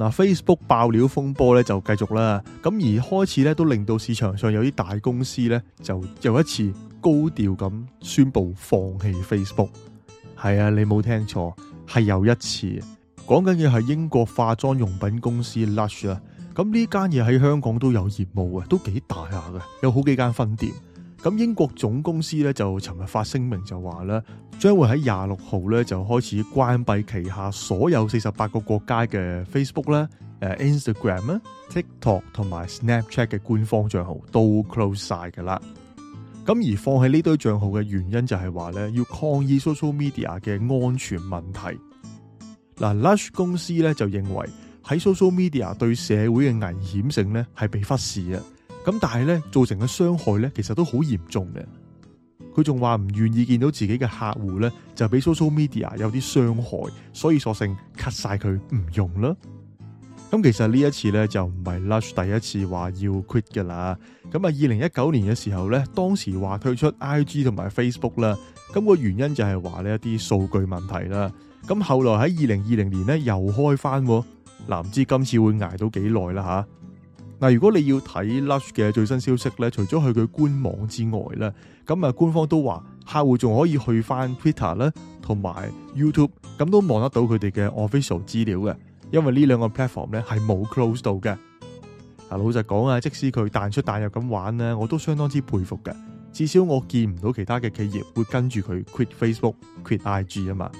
嗱，Facebook 爆料風波咧就繼續啦，咁而開始咧都令到市場上有啲大公司咧就又一次高調咁宣佈放棄 Facebook。係啊，你冇聽錯，係又一次的。講緊嘅係英國化妝用品公司 Lush 啊，咁呢間嘢喺香港都有業務啊，都幾大下嘅，有好幾間分店。咁英國總公司咧就尋日發聲明就話咧，將會喺廿六號咧就開始關閉旗下所有四十八個國家嘅 Facebook 咧、誒 Instagram 咧、TikTok 同埋 Snapchat 嘅官方帳號都 close 晒噶啦。咁而放棄呢堆帳號嘅原因就係話咧，要抗議 social media 嘅安全問題。嗱，Lush 公司咧就認為喺 social media 對社會嘅危險性咧係被忽視啊。咁但係咧造成嘅傷害咧，其實都好嚴重嘅。佢仲話唔願意見到自己嘅客戶咧，就俾 social media 有啲傷害，所以索性 cut 晒佢唔用啦。咁其實呢一次咧就唔係 Lush 第一次話要 quit 噶啦。咁啊，二零一九年嘅時候咧，當時話退出 IG 同埋 Facebook 啦。咁個原因就係話呢一啲數據問題啦。咁後來喺二零二零年咧又開翻，難知今次會挨到幾耐啦吓。嗱，如果你要睇 Lush 嘅最新消息咧，除咗去佢官網之外咧，咁啊官方都話客戶仲可以去翻 Twitter 咧，同埋 YouTube 咁都望得到佢哋嘅 official 資料嘅。因為呢兩個 platform 咧係冇 close 到嘅嗱。老實講啊，即使佢彈出彈入咁玩咧，我都相當之佩服嘅。至少我見唔到其他嘅企業會跟住佢 quit Facebook quit IG 啊嘛。